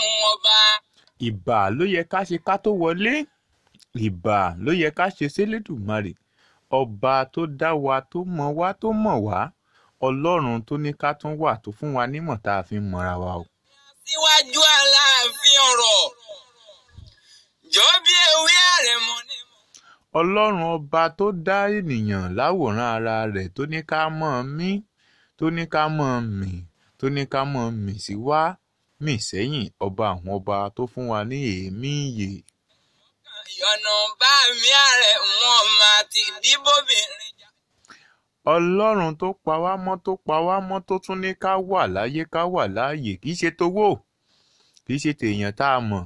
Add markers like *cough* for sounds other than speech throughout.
ọlọ́run ọba. ìbà ló yẹ ká ṣe ká tó wọlé ìbà ló yẹ ká ṣe sélédùmarè ọba tó dá wa tó mọ wa tó mọ̀ wá ọlọ́run tó ní ká tún wà tó fún wa nímọ̀ tá a fi mọ̀ra wa o. síwájú aláàfin ọ̀rọ̀ jọ bí ewé àrẹ̀mọ ni. ọlọ́run ọba tó dá ènìyàn láwòrán ara rẹ̀ tó ní ká mọ̀ mí tó ní ká mọ̀ mí tó ní ká mọ̀ mí sí wa nísẹ́yìn ọba àwọn ọba tó fún wa ní èémí ìyè. ìyọ̀nà bá mi ààrẹ wọn máa ti díbòbìnrin jà. ọlọ́run tó pa wá mọ́ tó pa wá mọ́ tó tún ní ká wà láyé ká wà láàyè kì í ṣe tówó kì í ṣe tèèyàn tá a mọ̀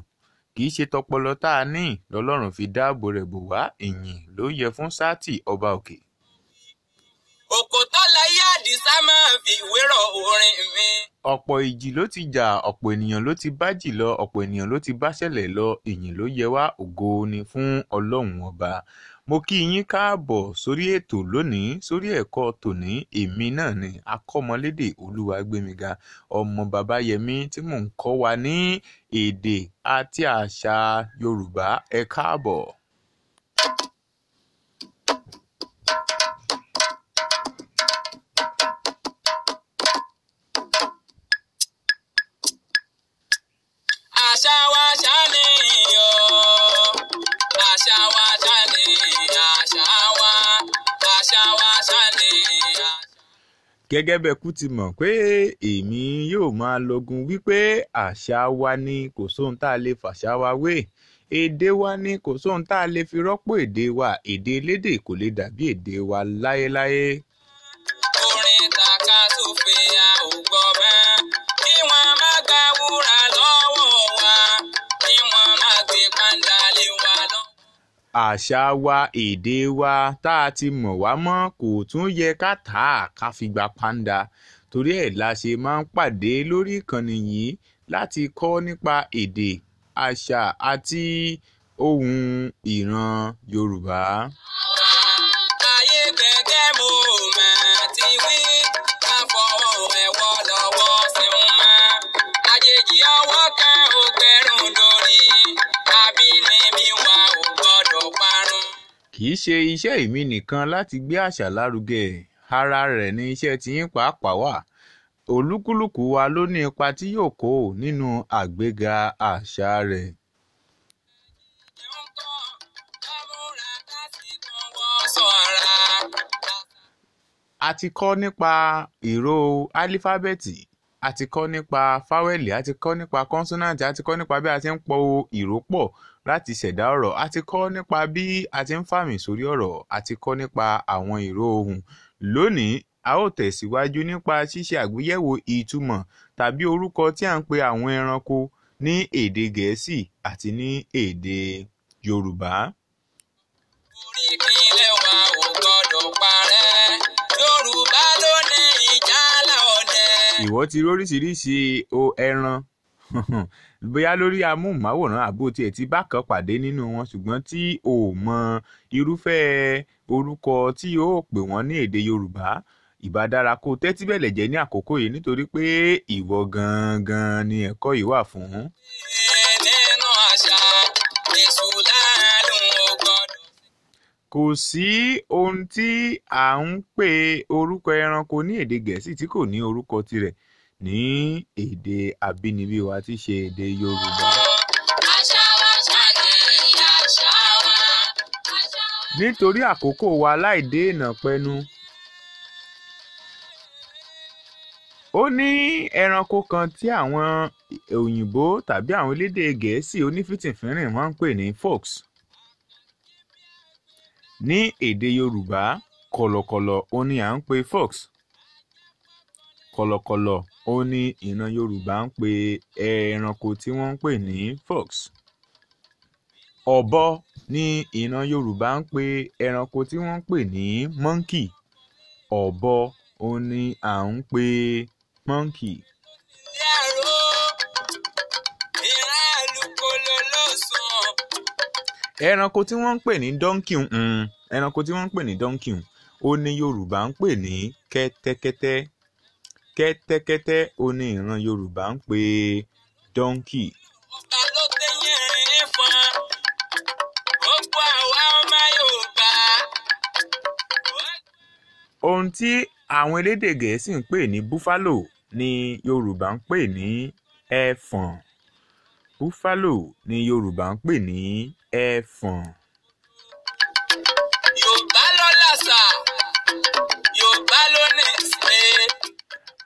kì í ṣe tọpọlọ tá a ní lọ́lọ́run fi dáàbò rẹ̀ bò wá ìyìn ló yẹ fún sátì ọba òkè àdìsá máa fi ìwé rọ orin mi. ọ̀pọ̀ ìjì ló ti jà ọ̀pọ̀ ènìyàn ló ti bá jì lọ ọ̀pọ̀ ènìyàn ló ti bá ṣẹlẹ̀ lọ ìyìn ló yẹ wá ògo ni fún ọlọ́run ọba mo kí yín káàbọ̀ sórí ètò lónìí sórí ẹ̀kọ́ tòní èmi náà ni akọ́mọlédè olúwagbémiga ọmọ babayẹmi tí mò ń kọ́ wa ní èdè àti àṣà yorùbá ẹ káàbọ̀. àṣà wa ṣá ni o àṣà wa ṣá ni àṣà wa àṣà wa ṣá ni. gẹ́gẹ́ bẹ́ẹ̀ kú ti mọ̀ pé èmi yóò máa lọ́gun wípé àṣà wa ni kò sóhun tá a lè fàṣà wa wé èdè wa ni kò sóhun tá a lè fi rọ́pò èdè wa èdè elédè kò lè dàbí èdè wa láéláé. orin kàkà tó fi ya gbọ́ bẹ́ẹ̀. àṣà wa èdè wa tá a ti mọ̀ wá mọ́ kò tún yẹ ká tà á ká fi gba páńdà torí ẹ̀ la ṣe máa ń pàdé lórí ìkànnì yìí láti kọ́ nípa èdè àṣà àti ohun ìran Yorùbá. ọwọ́ Kì í ṣe iṣẹ́ èmi nìkan láti gbé àṣà lárugẹ, ara rẹ̀ ni iṣẹ́ tiyín pàápàá wà. Olúkúlùkù wa ló ní ipa tí yóò kó nínú àgbéga àṣà rẹ̀. A ti kọ́ nípa ìró álífábẹ́ẹ̀tì, a ti kọ́ nípa fáwẹ́ẹ̀lì, a ti kọ́ nípa kọ́nsọ́náǹtì, a ti kọ́ nípa bí a ti ń po ìró pọ̀ láti ṣẹ̀dá ọ̀rọ̀. A ti kọ́ nípa bí a ti ń fàmì sórí ọ̀rọ̀, a ti kọ́ nípa àwọn ìró ohùn. Lónìí, a ó tẹ̀síwájú nípa ṣíṣe àgbéyẹ̀wò ìtumọ̀ tàbí orúkọ tí à ń pe àwọn ẹranko ní èdè Gẹ̀ẹ́sì àti ní èdè Yorùbá. Oríkì-ilẹ̀ Ìwọ ti rí oríṣiríṣi ẹran. *laughs* bóyá lórí amóhùnmáwòrán àbó tiẹ̀ ti bá kan pàdé nínú wọn ṣùgbọ́n tí o mọ irúfẹ́ orúkọ tí o pè wọ́n ní èdè Yorùbá ìbá dára kó tẹ́tí bẹ̀lẹ̀ jẹ́ ní àkókò yìí nítorí pé ìwọ gangan ni ẹ̀kọ́ yìí wà fún. nínú àṣà èso kò sí ohun tí à ń pe orúkọ ẹranko ní èdè Gẹ̀ẹ́sì tí kò ní orúkọ tirẹ̀ ní èdè abínibí wa tí í ṣe èdè Yorùbá. nítorí àkókò wa láì dé ènà pẹnu ó ní ẹranko kan tí àwọn òyìnbó tàbí àwọn elédè gẹ̀ẹ́sì onífìtìfínrìn wọ́n ń pè ní fox ní èdè Yorùbá kọ̀lọ̀kọ̀lọ̀ ó ní à ń pè fox kọ̀lọ̀kọ̀lọ̀ ó ní ìran yorùbá ń pe ẹranko tí wọ́n ń pè ní fox ọ̀bọ ní ìran yorùbá ń pe ẹranko tí wọ́n ń pè ní monkey ọ̀bọ ó ní à ń pe monkey. ẹranko tí wọ́n ń pè ní donkey mm, ẹranko tí wọ́n ń pè ní donkey ó ní yorùbá ń pè ní kẹ́tẹ́kẹ́tẹ́. Kẹ́tẹ́kẹ́tẹ́ òun ni ìran Yorùbá ń pe dọ́ńkì. Ohun tí àwọn elédè Gẹ̀ẹ́sì ń pè ní búfálò ni Yorùbá ń pè ní ẹfọ̀n. Búfálò ni Yorùbá ń pè ní ẹfọ̀n.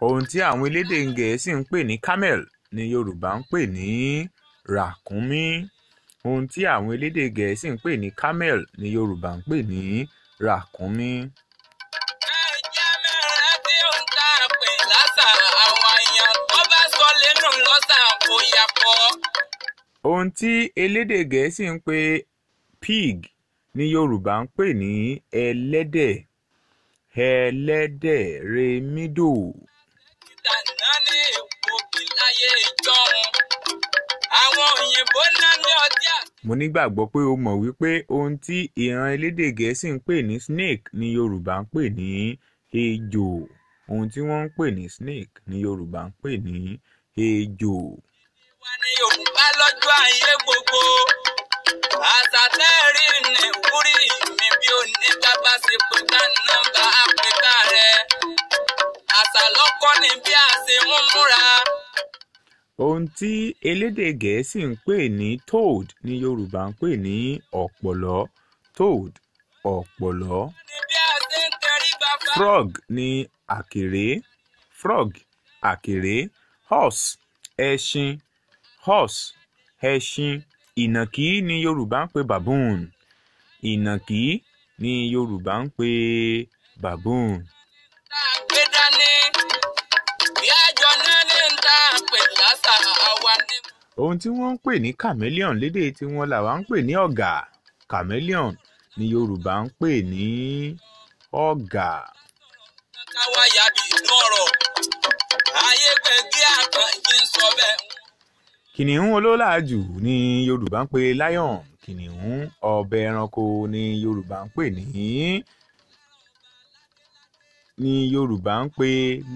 Ohun tí àwọn elédè Gẹ̀ẹ́sì ń pè ní camel ni Yorùbá ń pè ní ràkúnmí. Ohun tí àwọn elédè Gẹ̀ẹ́sì ń pè ní camel ni Yorùbá ń pè ní ràkúnmí. Ohun tí elédè Gẹ̀ẹ́sì ń pè pig ni Yorùbá ń pè ní ẹlẹ́dẹ̀. Ẹlẹ́dẹ̀ remido. Mo nígbàgbọ́ pé o mọ̀ wípé ohun tí ìran elédè Gẹ̀ẹ́sì ń pè ní snake ni Yorùbá ń pè ní ejò. Ohun tí wọ́n ń pè ní snake ni Yorùbá ń pè ní ejò. Tiwa ni Yorùbá lọ́jọ́ ayé gbogbo. Àṣà tẹ́ rí ni wúrí mi bí o ní tábà ṣe pé ká nọ́mbà Áfíríkà rẹ̀. Àṣà lọ́kọ́ ni bí a ṣe ń múra. Ohun tí elédè Gẹ̀ẹ́sì ń pè ní toad ni Yorùbá ń pè ní ọ̀pọ̀lọ́ (toad) ọ̀pọ̀lọ́. Frog ni àkèré (frog) àkèré. Horse ẹṣin (horse) ẹṣin. Ìnàkí ni Yorùbá ń pe baboon (ìnàkí) ni Yorùbá ń pe baboon. Ohun tí wọ́n ń pè ní chameleon lédè tiwọn làwa ń pè ní ọ̀gà, chameleon ni Yorùbá ń pè ní ọ̀gà. Kìnìún olólàájú ni Yorùbá ń pè lion, kìnìún ọ̀bẹ ẹranko ni Yorùbá ń pè ní ni Yorùbá ń pè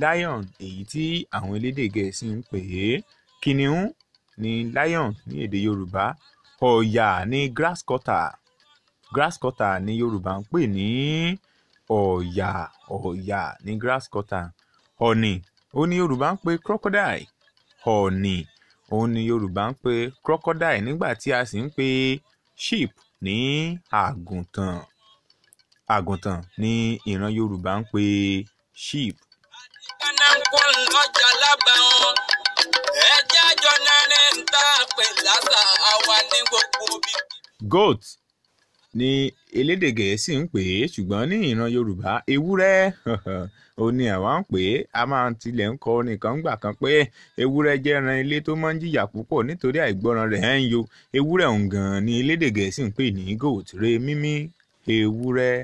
lion èyí tí àwọn elédè Gẹ̀ẹ́sì ń pè é kìnìún ní lion ní èdè Yorùbá ọ̀yà ní grasscutter grasscutter ní Yorùbá ń pè ní ọ̀yà ọ̀yà ní grasscutter ọ̀nì ó ní Yorùbá ń pè crocodile ọ̀nì òun ni Yorùbá ń pè crocodile nígbà tí a sì ń pè sheep ní àgùntàn àgùntàn ní ìran Yorùbá ń pè sheep. ọ̀nà ń kó lọ́jà lábàá tá a pè lásà àwa ní gbogbo bí. goat ni elédè gẹ̀ẹ́sì ń pè é ṣùgbọ́n ní ìran yorùbá ewúrẹ́ ò *laughs* ní àwa ń pè é a máa tilẹ̀ ń kọ orin kan gbà kan pé ewúrẹ́ jẹ́ ẹran ilé tó máa ń jìyà púpọ̀ nítorí àìgbọràn rẹ̀ ń yo ewúrẹ́ òun gan-an ni elédè gẹ̀ẹ́sì ń pè ní goat re mímí ewúrẹ́.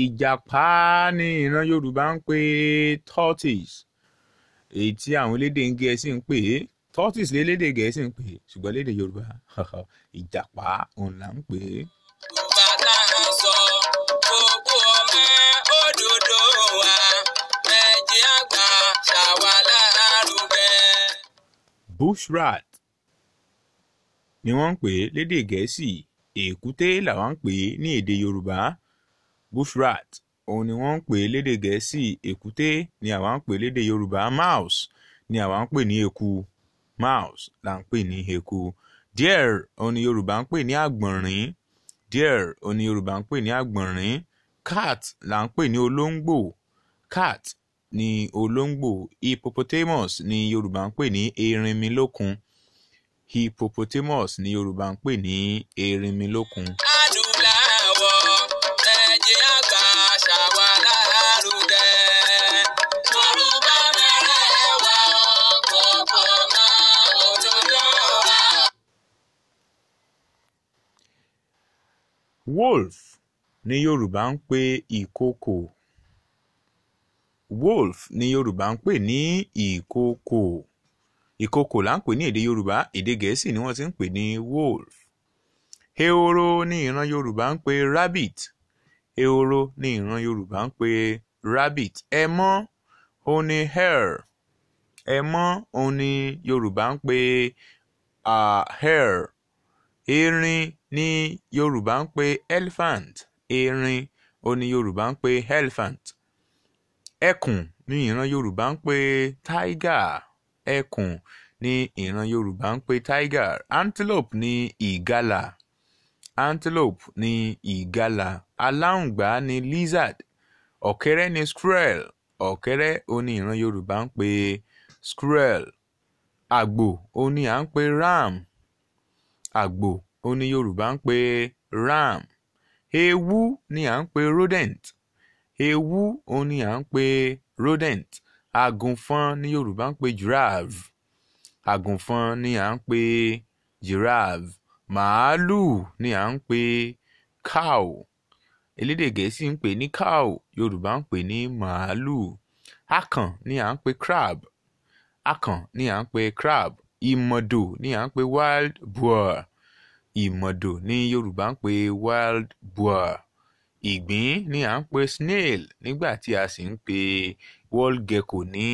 ìjàpá ni ìran yorùbá ń pè tortoise èyí tí àwọn elédè gẹ̀ẹ́sì ń pè é tortoise lélédè gẹ̀ẹ́sì ń pè é ṣùgbọ́n lédè yorùbá ìjàpá òun là ń pè é. yorùbá sọ gbogbo ọmọ òdòdó wa mẹjì àgbà ṣàwà lárugẹ. bushrat ni wọ́n ń pè lédè gẹ̀ẹ́sì èkúté làwọn ń pè ní èdè yorùbá bushrat òun ni wọ́n ń pè lédè gẹ̀ẹ́sì èkúté ni àwa ń pè lédè yorùbá mouse ni àwa ń pè ní eku mouse là ń pè ní eku deer òun ni yorùbá ń pè ní àgbọ̀nrín deer òun ni yorùbá ń pè ní àgbọ̀nrín cat là ń pè ní olóńgbò cat ni olóńgbò hippopotamus ni yorùbá ń pè ní erinmilókun hippopotamus ni yorùbá ń pè ní erinmilókun. Wolf ni Yorùbá ń pe ìkookò. Wolf ni Yorùbá ń pè ní ìkookò. Ìkookò là ń pè ní èdè Yorùbá, èdè Gẹ̀ẹ́sì ni wọ́n ti ń pè ní wolf. Ehoro ni ìran Yorùbá ń pe rabbit. Ehoro ni ìran Yorùbá ń pe rabbit. Ẹmọ́ òun ni hare. Ẹmọ́ òun ni Yorùbá ń pe, ah, hare. Erin ni Yorùbá ń pe elephant. Erin òun ni Yorùbá ń pe elephant. Ẹkùn ni ìran Yorùbá ń pe tiger. Ẹkùn ni ìran Yorùbá ń pe tiger. Antelope ni ìgalà. Antelope ni ìgalà. Aláǹgbá ni lizard. Ọ̀kẹ́rẹ́ ni squirrel. Ọ̀kẹ́rẹ́ òun ni ìran Yorùbá ń pe squirrel. Àgbò òun ni à ń pe ram. Àgbò òun ni Yorùbá ń pe ram. Ewú ni à ń pe rodent. Ewú òun ni à ń pe rodent. Àgùnfọn ni Yorùbá ń pe giraffe. Àgùnfọn ni à ń pe giraffe. Màálùú ni à ń pe cow. Elédè Gẹ̀ẹ́sì ń pè ní cow, Yorùbá ń pè ní màálùú. Akàn ni à ń pe crab. Akàn ni à ń pe crab ìmọ̀dò ni à ń pè wild boar ìmọ̀dò ni yorùbá ń pè wild boar ìgbín ni à ń pè snail nígbà tí a sì ń pè wall gecko ní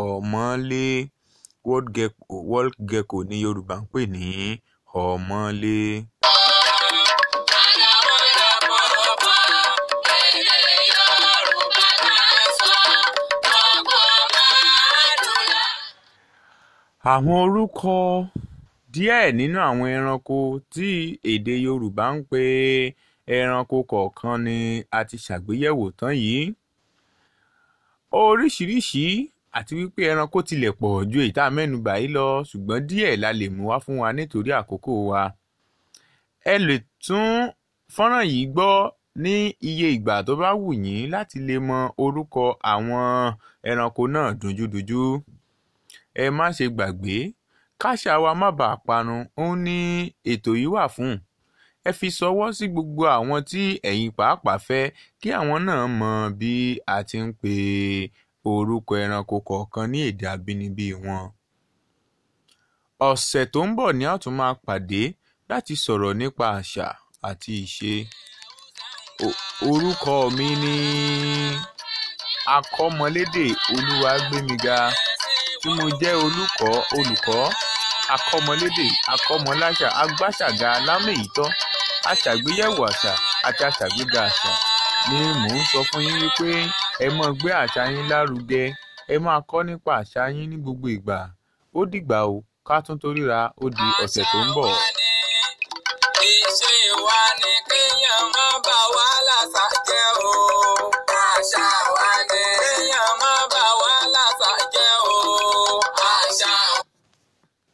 ọmọlé wall gecko ni yorùbá ń pè ní ọmọlé. Àwọn orúkọ díẹ̀ nínú àwọn ẹranko tí èdè Yorùbá ń pe ẹranko kọ̀ọ̀kan ni a ti ṣàgbéyẹ̀wò tán yìí. Oríṣiríṣi àti wípé ẹranko tilẹ̀ pọ̀ ju èyí tá yìí lọ ṣùgbọ́n díẹ̀ la lè mú wá fún wa nítorí àkókò wa. Ẹ lè tún fọ́nrán yìí gbọ́ ní iye ìgbà tó bá wù yín láti lè mọ orúkọ àwọn ẹranko náà dunjúdunjú. Ẹ má ṣe gbàgbé, káàṣà wa má báa parun òun ni ètò yìí wà fún. Ẹ fi ṣọwọ́ sí gbogbo àwọn tí ẹ̀yin pàápàá fẹ́ kí àwọn náà mọ bí a ti ń pe orúkọ ẹranko kọ̀ọ̀kan ní èdè abínibí wọn. Ọ̀sẹ̀ tó ń bọ̀ ni a máa pàdé láti sọ̀rọ̀ nípa àṣà àti ìṣe. Orúkọ mi ni Akọ́mọlédè Olúwagbémiga tí mo jẹ́ olùkọ́ olùkọ́ akọ́mọlédè akọ́mọláṣà agbáṣàga lámèyítọ́ aṣàgbéyẹ̀wò àṣà àti aṣàgbéga àṣà ni mò ń sọ fún yín wípé ẹ mọ́ gbé àṣà yín lárugẹ ẹ máa kọ́ nípa àṣà yín ní gbogbo ìgbà ó dìgbà o ká tún toríra ó di ọ̀sẹ̀ tó ń bọ̀.